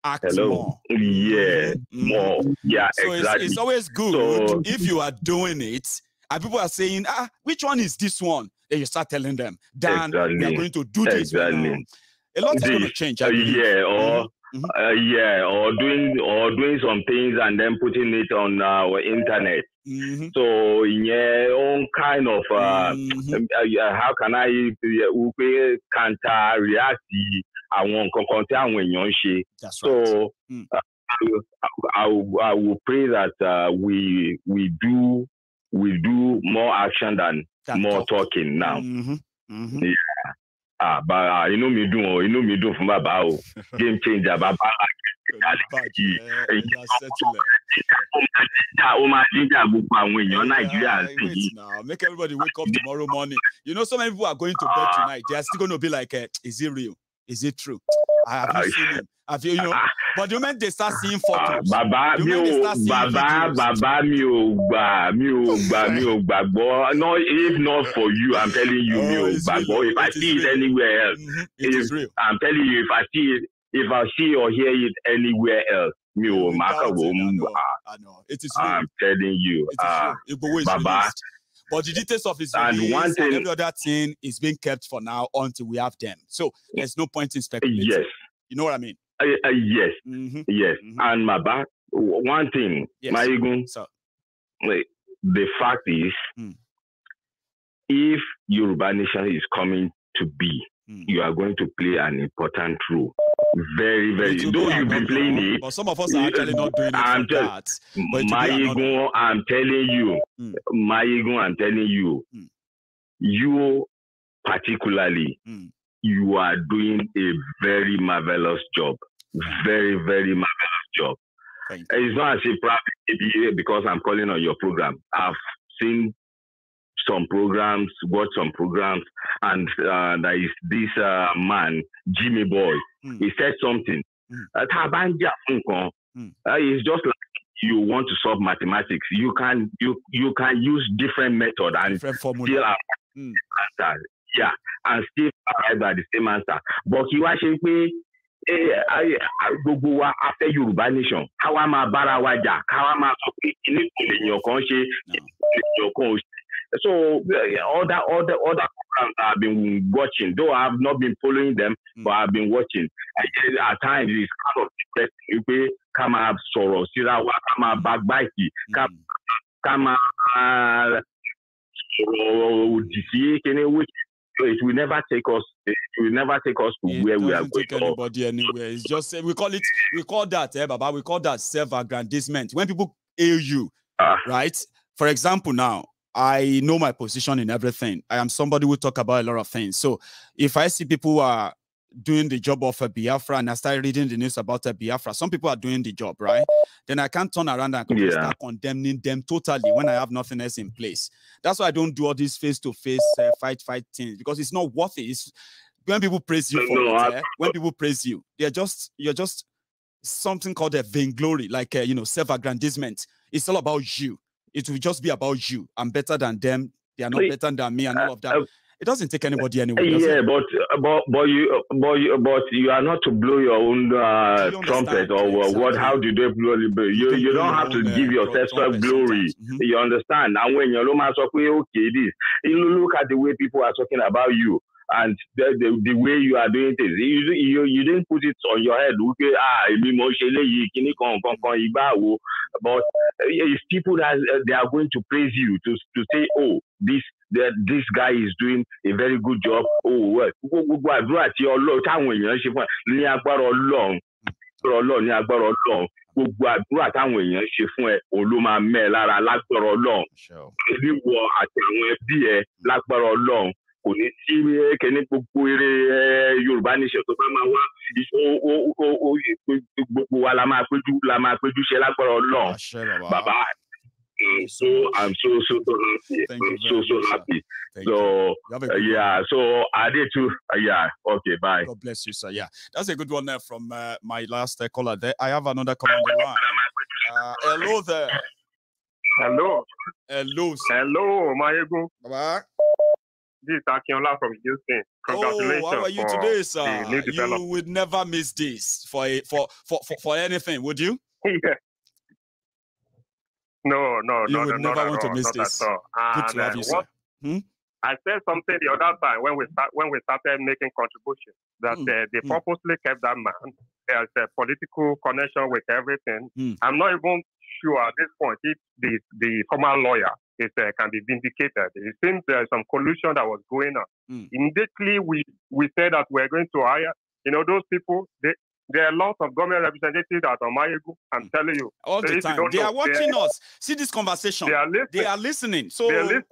act Hello. more. Yeah, mm -hmm. more. Yeah, so exactly. It's, it's always good so, if you are doing it and people are saying, ah, which one is this one? Then you start telling them, Dan, exactly. we are going to do this. Exactly. A lot this, is going to change. Uh, yeah, or mm-hmm. uh, yeah, or doing or doing some things and then putting it on our internet. Mm-hmm. So yeah, own kind of uh, mm-hmm. Um, uh, how can I uh, counter react? àwọn nǹkan kan tí àwọn èèyàn ń ṣe. so mm. uh, I, I, I will pray that uh, we we do we do more action than that more talk. talking now. Mm-hmm. Mm-hmm. Yeah. Ah, but uh, ah, inú mi dùn o, inú mi dùn fún bàbá o. [laughs] Game changer bàbá Make everybody wake up tomorrow morning. You know so many people are going to bed ah. tonight. They are still going to be like, uh, is it real? Is it true? I Have you seen him? Have you, you know? [laughs] But the moment they start seeing photos, bàbá mi ò bàbá bàbá mi ò gbà mi ò [laughs] gbà mi ò gbàgbọ́ no if not for you I'm telling you oh, mi ò oh, gbàgbọ́ if I see it anywhere else mm-hmm. it if I'm telling you if I see it if I see or hear it anywhere else mi ò má kàn wò ó mú wa I'm telling you uh, bàbá. But the details of his and release one thing, and every other thing is being kept for now until we have them. So there's no point in speculating. Yes. You know what I mean? Uh, uh, yes. Mm-hmm. Yes. Mm-hmm. And my back, one thing, yes. my ego, so. the fact is, mm. if Yoruba Nation is coming to be, Hmm. you are going to play an important role. Very, very. Though you've been playing it, but some of us are actually not doing it. I'm tell- that, my ego, not- I'm telling you, mm. my ego, I'm telling you, mm. you particularly, mm. you are doing a very marvelous job. Very, very marvelous job. It's not as if probably eh, because I'm calling on your program. I've seen some programs, watch some programs, and uh, there is this uh, man, Jimmy Boy. Mm. He said something. Mm. Uh, it's just like you want to solve mathematics. You can you you can use different method and different still mm. answer. Yeah, and still arrive at the same answer. But you actually pay gbogbo wa go fẹ́ yorùbá nation káwa máa bára wa jà káwa máa sọ pé kíní in your country. So all that, all the, all programs I've been watching, though I've not been following them, mm. but I've been watching. And at times it's kind of depressing. You pay, come up sorrow, see that what come up backbite, come come up which it will never take us. It will never take us to it where we are going. Take anybody anywhere. It's just we call it. We call that, eh, Baba. We call that self-aggrandizement. When people ail you, uh, right? For example, now I know my position in everything. I am somebody who talk about a lot of things. So if I see people are doing the job of a Biafra and I start reading the news about a Biafra, some people are doing the job, right? Then I can't turn around and yeah. start condemning them totally when I have nothing else in place. That's why I don't do all these face-to-face -face, uh, fight fight things because it's not worth it. It's, when people praise you for no, it, I, eh? when people praise you, they're just you're just something called a vainglory, like uh, you know self-aggrandizement. It's all about you it will just be about you. I'm better than them. They are not better than me, and all of that. Uh, it doesn't take anybody uh, anywhere. Yeah, it? but uh, but but you but you, but you are not to blow your own uh, trumpet or exactly. what? How do they blow? You you, you don't have to give yourself self glory. Mm-hmm. You understand? And when your Loma talk, okay, this. You look at the way people are talking about you. and the, the, the way you are doing things you, you, you didn't put it on your head wípé ah èmi mo ṣe léyìí kíní kan kan kan ìgbà wo but eh, if people has eh, they are going to praise you to to say oh this that this guy is doing a very good job oh well gbogbo àdúrà tí Ọlọ́run táwọn èèyàn ṣe fún ẹ ní agbára Ọlọ́run agbára Ọlọ́run ní agbára Ọlọ́run gbogbo àdúrà táwọn èèyàn ṣe fún ẹ òun ló máa mẹ́ ẹ lára lágbára Ọlọ́run èmi wọ àti àwọn ẹbí ẹ lágbára Ọlọ́run kò ní eh, kẹ́ni gbogbo eré eh, Yorùbá bá máa wá gbogbo wa la máa péjú la máa péjú ṣe lágbára Ọlọ́run so I'm so so so happy. Thank I'm so so much, happy. so yeah, so I did too. Uh, yeah, okay, bye. God bless you, sir. Yeah, that's a good one there eh, from uh, my last uh, caller. There, I have another caller uh, hello there. Hello. Hello. Sir. Hello, Bye. Bye. This is Akinola from Houston. Congratulations. Oh, how are you today, sir? You would never miss this for, a, for, for, for, for anything, would you? [laughs] yeah. No, no, you no, would no, never want all, to miss this. Good to have uh, you, what, sir. Hmm? I said something the other time when we start, when we started making contributions that mm. uh, they mm. purposely kept that man as a political connection with everything. Mm. I'm not even sure at this point if the the former lawyer uh, can be vindicated. It seems there's uh, some collusion that was going on. Mm. Immediately, we, we said that we're going to hire, you know, those people. They, there are lots of government representatives that are group. I'm hmm. telling you. All the time. They know, are watching us. See this conversation. They are listening. They are listening. So they are listening.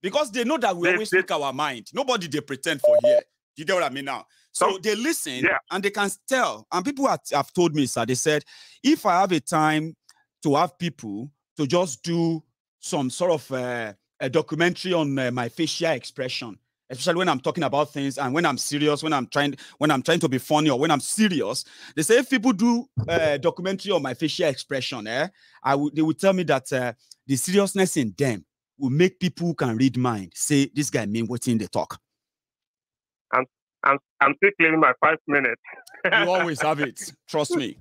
because they know that we they, always speak our mind. Nobody they pretend for here. You know what I mean now? So, so they listen yeah. and they can tell. And people have, have told me, sir, they said, if I have a time to have people to just do some sort of uh, a documentary on uh, my facial expression, especially when I'm talking about things and when I'm serious, when I'm trying when I'm trying to be funny or when I'm serious. They say if people do a eh, documentary on my facial expression, eh, I w- they will tell me that the seriousness in them will make people who can read mind say this guy mean what's in the talk. I'm I'm I'm still claiming my five minutes. you always have it. [laughs] Trust me.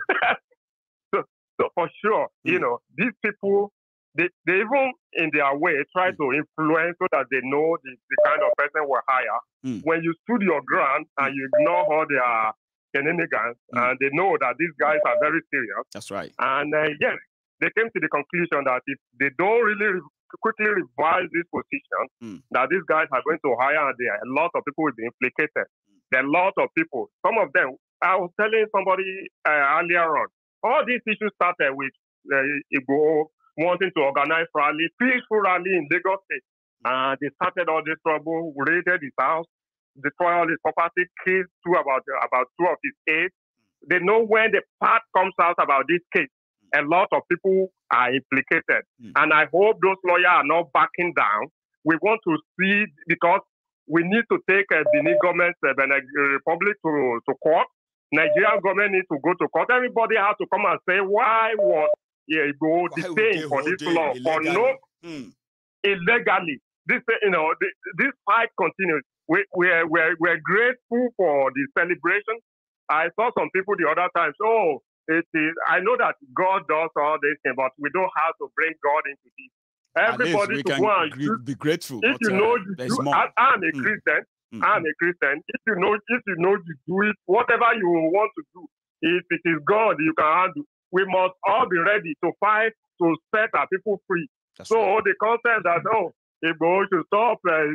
so, so for sure, mm. you hmm. know, these people they, they even in their way try mm. to influence so that they know the, the kind of person we hire. Mm. When you stood your ground and hmm. you ignore all their shenanigans, mm. and they know that these guys are very serious. That's right. And uh, yes, they came to the conclusion that if they don't really quickly revise this position, hmm. that these guys are going to hire, and there a lot of people will be implicated. Hmm. There are a lot of people. Some of them, I was telling somebody uh, earlier on, all these issues started with uh, Igbo wanting to organize rally, peaceful rally in Lagos State. uh, they started all this trouble, raided his house, destroyed all his property, killed two about about two of his aides. Hmm. They know when the part comes out about this case. Hmm. A lot of people are implicated. Mm. And I hope those lawyers are not backing down. We want to see, because we need to take uh, the new government, uh, the uh, Republic to, to court. Nigerian government needs to go to court. Everybody has to come and say, why was yeah, go detain for this law for no hmm. illegally. This eh, you know this, fight continues. We we are, we are, we are grateful for the celebration. I saw some people the other time. oh, it is. I know that God does all these things, but we don't have to bring God into this. Everybody to go and gr- be grateful. If you uh, know, uh, you, I, am a mm. Christian. Mm-hmm. I'm hmm. a Christian. If you know, if you know, you do it. Whatever you want to do, if it is God, you can handle we must all be ready to fight to set our people free. That's so right. the concept that oh, if Igbo should stop, uh,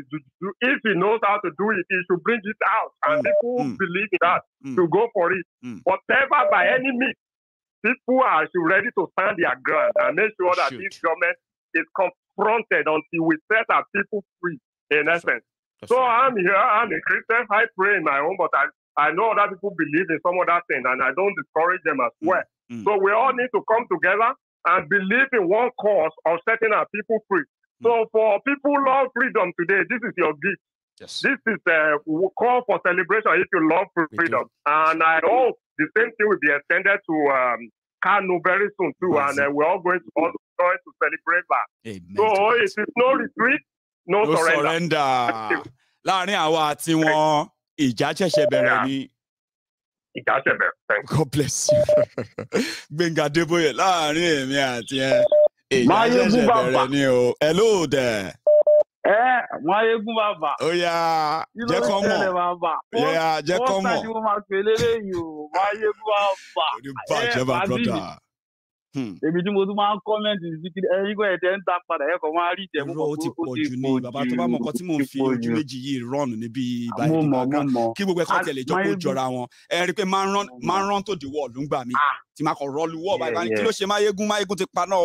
if he knows how to do it, he should bring it out, and mm. people mm. believe in that mm. mm. to go for it. Mm. Whatever by any means, people are ready to stand their ground and make sure that Shoot. this government is confronted until we set our people free. In That's essence, right. so right. I'm here. I'm a Christian. I pray in my own, but I I know other people believe in some other thing, and I don't discourage them as mm. well. Mm. So we all need to come together and believe in one cause of setting our people free. Mm. So for people love freedom today, this is your gift. Yes. This is a uh, call for celebration if you love freedom. And I hope the same thing will be extended to um, Kano very soon too. Amazing. And uh, we're all going to, all going to celebrate that. Amen. So it is no retreat, no, no surrender. surrender. láàrin àwa àti wọn ìjà ṣẹ̀ṣẹ̀ bẹ̀rẹ̀ ni ìdásẹ̀bẹ̀. God bless you. [laughs] Gbẹ̀ngà Adébóyè láàrin èmi àti ẹ. Máyégún bàbà. Ìyá bẹ̀rẹ̀ ni o. Hello there. Ẹ Máyégún bàbà. Ó yá jẹ́ kọ́ mọ̀. Ìlọrin bàbà. Ó yá jẹ́ kọ́ mọ̀. Wọ́n sáré wọn máa pè lélẹ́yìn o. Máyégún bàbà. Ó ní bàjẹ́ Hmm. èmi tí mo tún máa ń kọ́mẹ́ǹtì sí kí ẹyin kò ẹ̀tẹ̀ ń ta padà ẹ̀kọ́ máa rí ìtẹ̀ mọ́ ó ti pọ̀ jù ní bàbá tó bá mọ̀ nǹkan tí mò ń fi ojú méjì yìí run níbi ìbáyìí ah, kí gbogbo ẹ̀kọ́ ah, tẹ̀lé jọ kó jọra wọn ẹ rí i pé máa ń rán tó di wọ́ọ̀lù ń gbà mí ah. tí máa kọ̀ rọ́ọ̀lù wọ́ọ̀ báyìí báyìí kí ló ṣe máyégún máyégún ti paná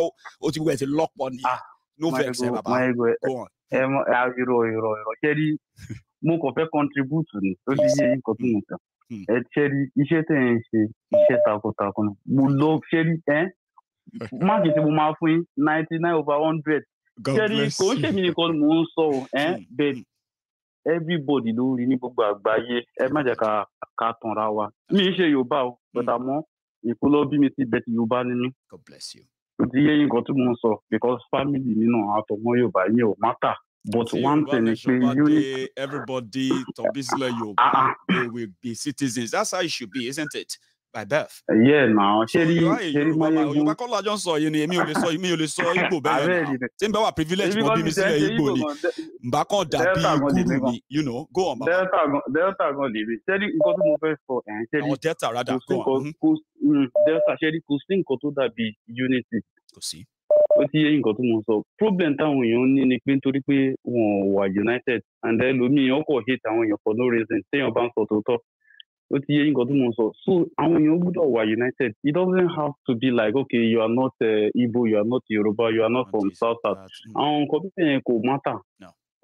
ó ti gbogbo ẹ̀ go on máàkì tí mo máa fún yín ninety nine over hundred kẹ́rì kò ń ṣèmi nìkan mò ń sọ o bẹ́ẹ̀ hmm. everybody ló rí ní gbogbo àgbáyé ẹ má jẹ́ ká ká tanra wa mi ń ṣe yorùbá o hmm. but àmọ́ ìpínlẹ̀ bí mi ti bẹ̀ ti yorùbá nínú o ti yé nǹkan tí mo ń sọ because family mi náà àtọmọ yorùbá yẹn ò matter but one thing is pé unity. everybody to yorùbá ah, ah. they will be citizens that's how it should be isn't it by birth. yeah na ṣeri ṣeri mayegun yorùbá kọ́ lajọ sọ yìí ni èmi ò lè sọ èmi ò lè sọ Ìgbò bẹ́ẹ̀ náà tí n bá wà privilege mo bí mi sílẹ̀ Ìgbò ni nbà kan dàbí gúrú ni you know go on baba. delta gan delta gan lèmi ṣẹ́rí nǹkan tó mo fẹ́ sọ ẹ̀ ń ṣẹ́rí àwọn delta rada go on mhm. mm, delta ṣẹ́rí kò sí nǹkan tó dàbí unity. kò sí. ó ti yé nǹkan tó mo sọ problem táwọn èèyàn ní ni pé nítorí pé wọn wà united and then lomi ọkọ̀ hate àwọn èèyàn for no reason téèyàn bá ń sọ tòótọ́ ó ti yé nǹkan tí mo sọ so àwọn èèyàn gbọ́dọ̀ wà united it doesn't have to be like okay you are not uh, you are not Yoruba you are not from South South àwọn nǹkan bí bẹ́ẹ̀ yẹn kò mátà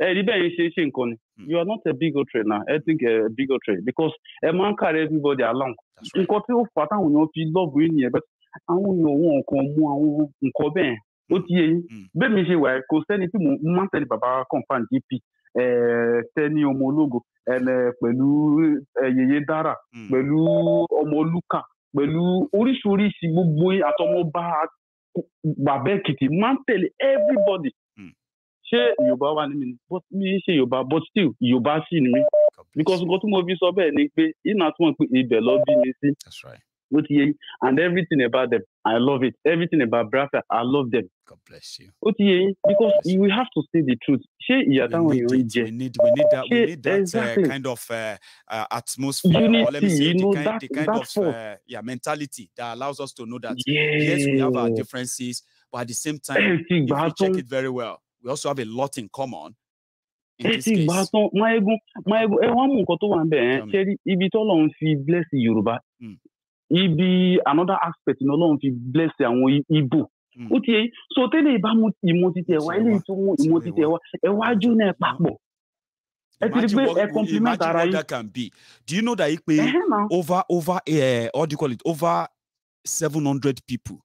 ẹ rí bẹ́ẹ̀ yẹn ṣe ṣe nǹkan ni hmm. you are not a bigotry na I think a bigotry because ẹ máa ń carry everybody along nǹkan tí ó fà á táwọn èèyàn fi lọ́ọ̀bù yìí nìyẹn bẹ́ẹ̀ àwọn èèyàn wọn kàn mú àwọn nǹkan bẹ́ẹ̀ ó hmm. ti yé yín hmm. bẹ́ẹ̀ mi ṣe wà kò sẹ́ni tí mo máa ń tẹ̀lé bàbá confam GP tẹ́ni ọmọológo pẹ̀lú eh, yèyé dára hmm. pẹ̀lú ọmọ pẹ̀lú oríṣiríṣi gbogbo àtọmọba bàbá èkìtì máa ń tẹ̀lé everybody hmm. ṣé yorùbá wà ní mi ni but mi ṣe yorùbá but still yorùbá sì ni mi because nǹkan tí mo fi sọ ni pé iná tí wọ́n pe bí mi sí and everything about them i love it everything God bless you. Okay, because you will have to see the truth. we, need we, need, that, we need that uh, exactly. uh, kind of uh, uh, atmosphere, Unity, or let me say, the kind, that, the kind of uh, yeah, mentality that allows us to know that, yes, yes we have our differences, but at the same time, if we check it very well, we also have a lot in common. Ètí ìgbà tán Máyégún Máyégún ẹ wá mú nǹkan tó wà ń bẹ̀ ẹ́ ṣe rí ibi tó lọ́n fi bless Yorùbá hmm. another aspect ni Ọlọ́run fi bless àwọn Igbo Mm. ó ti so tẹ́lẹ̀ ìbámu ìmọ̀ ti tẹ̀ wá ilé ìtumọ̀ ìmọ̀ ti tẹ̀ ẹ wájú náà papọ̀ ẹ ti rí pé ẹ compliment ara yín. imagine what that can be do you know that yìí pé over over uh, what do you call it over seven hundred people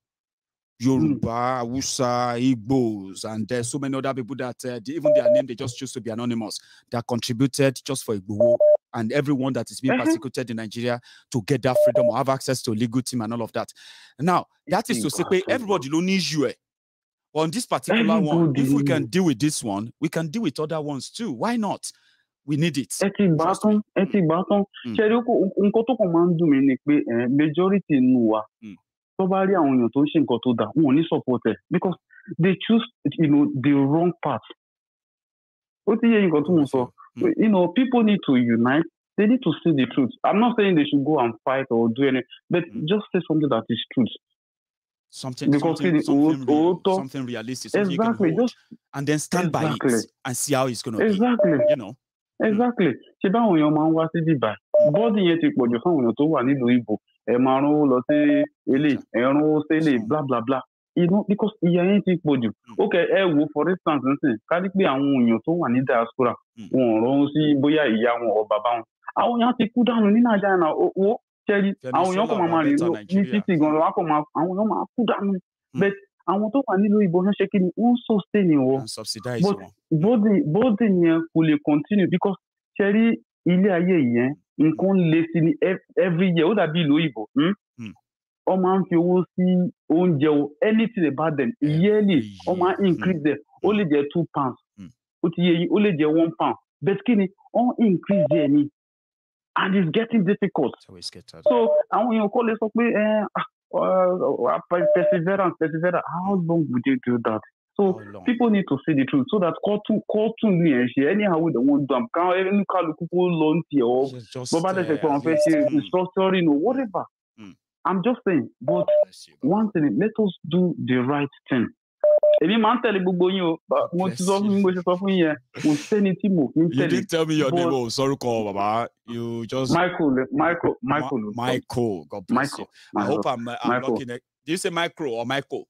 Yoruba, mm. Hausa, mm. Igbos, and there's so many other people that uh, even their name they just choose to be anonymous that contributed just for Igbo. and everyone that is being mm -hmm. persecuted in Nigeria to get that freedom or have access to a legal team and all of that. Now, that is to say, everybody don't need you. On this particular everybody. one, if we can deal with this one, we can deal with other ones too. Why not? We need it. ẹ ti gbà tán ẹ ti hmm. tó kàn máa ń eh, majority nù wa a hmm. bá rí àwọn tó ń ṣe dà wọn ò ní support because they choose you know, the wrong path Oti ti yé nǹkan tó ń you know, people need to unite. They need to see the truth. I'm not saying they should go and fight or do anything, but mm. just say something that is truth. Something, because something, something, real, something realistic, something exactly, hold, just, and then stand exactly. by it and see how it's going to exactly. be. You know? Mm. Exactly. ṣe báwọn èèyàn máa ń wá sí bíbá bọ́ọ̀dì yẹn ti pọ̀jù fáwọn èèyàn tó wà nílùú Ìgbò ẹ̀ máa rán owó lọ sí ilé ẹ̀ rán owó sí ilé bla bla bla inú because ìyà yẹn ti pọ̀ jù hmm. ok ẹ wo for instance nsìn ká ní pé àwọn èèyàn tó wà ní diaspora hmm. wọn ò rọrùn sí bóyá ìyá wọn ọ bàbá wọn àwọn èèyàn ti kú dànù ní nàìjíríà náà owó kẹrí àwọn èèyàn kò máa máa rìn lọ ní títì gan lọ àwọn èèyàn máa kú dànù hmm. but àwọn tó wà nílùú ìbò ṣe kí ni wọn sustain wọn but bóde yẹn kò lè continue because kẹrí ilé ayé yẹn nǹkan lè sí ni every year ó dàbí ìlú ìbò ọmọ à ń fi owó sí oúnjẹ anything about them yearly ọmọ à ń increase them ó lè jẹ two pounds But mm. ti yẹ ó lè one pound but kí ó ń increase there ni and it's getting difficult so àwọn you call lè sọ pé eh, ah, ah, ah, perseverance perseverance how long would you do that so people need to see the truth so that call to call to me and ṣe anyhow wey dem wan do am káwọn even call the lọ loan tiẹ̀ ọ́ bọ́bá dẹ̀ ṣe eh, pé wọ́n fẹ́ ṣe mm. restructuring or whatever. I'm just saying, but one thing, let us do the right thing. èmi máa ń tẹ̀lé gbogbo yín o mo ti sọ fún mi mo ṣe sọ fún yẹn kò sẹ́ni tí mo fi tẹ̀lé. you did tell me your name o sorúkọ bàbá you just. michael michael michael. Ma michael god bless michael. you i hope i'm, uh, I'm lucky next do you say micro or michael.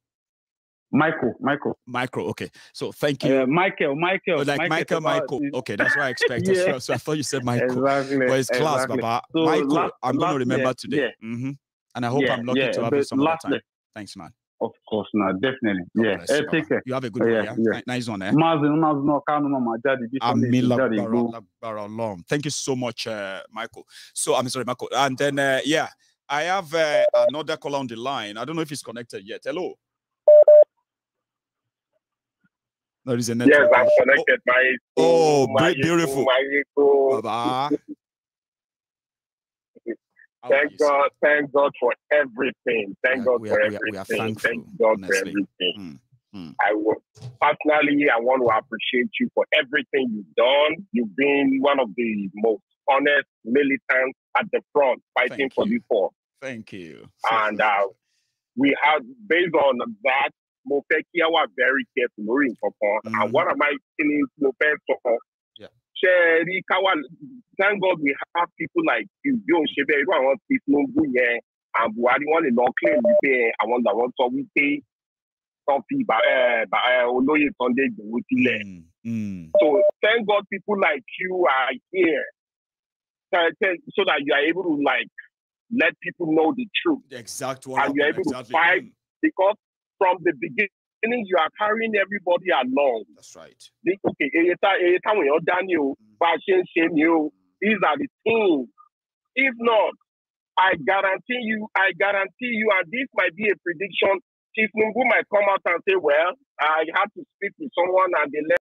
Michael, Michael. Michael, okay. So thank you. Uh, Michael, Michael. Oh, like Michael, Michael. Michael. Okay, that's what I expected. [laughs] yeah. so, so I thought you said Michael. Exactly. But it's class, exactly. Baba. So Michael, last, I'm going to remember year, today. Yeah. Mm -hmm. And I hope yeah, I'm lucky yeah, to have you some lastly, time. Thanks, man. Of course, now definitely. God yeah. Hey, take care. You have a good yeah, day. Yeah? yeah. Nice one, eh? Mazin, Mazin, no, come on, my daddy. Amin Thank you so much, uh, Michael. So I'm sorry, Michael. And then uh, yeah, I have uh, another call on the line. I don't know if he's connected yet. Hello. There is a network. Yes, I'm connected. Oh, oh, my, oh my, beautiful. My, Thank God, thank God for everything. Thank God for everything. Thank God for everything. Hmm, hmm. I will personally, I want to appreciate you for everything you've done. You've been one of the most honest militants at the front fighting Thank for this war. Thank you. [laughs] And uh, we have, based on that, mo I was very careful Marine, nǹkan kan. And one of my feelings mo fẹ́ thank God we have people like you bí òun ṣe bẹ́ẹ̀ to àwọn ti Tinubu yẹn and Buhari wọ́n lè pay, I want that one, sọ we wípé tán know olóyè Sunday be there. Hmm, hmm. So thank God people like you are here so that you are able to like let people know the truth. The exact one. And you're able exactly. to fight because from the beginning means you are carrying everybody along. That's right. okay, èyí táwọn èèyàn dá ní o, mm. mm. these are the things. If not, I guarantee you, I guarantee you, and this might be a prediction, Chief Mungu might come out and say, well, I had to speak to someone and they let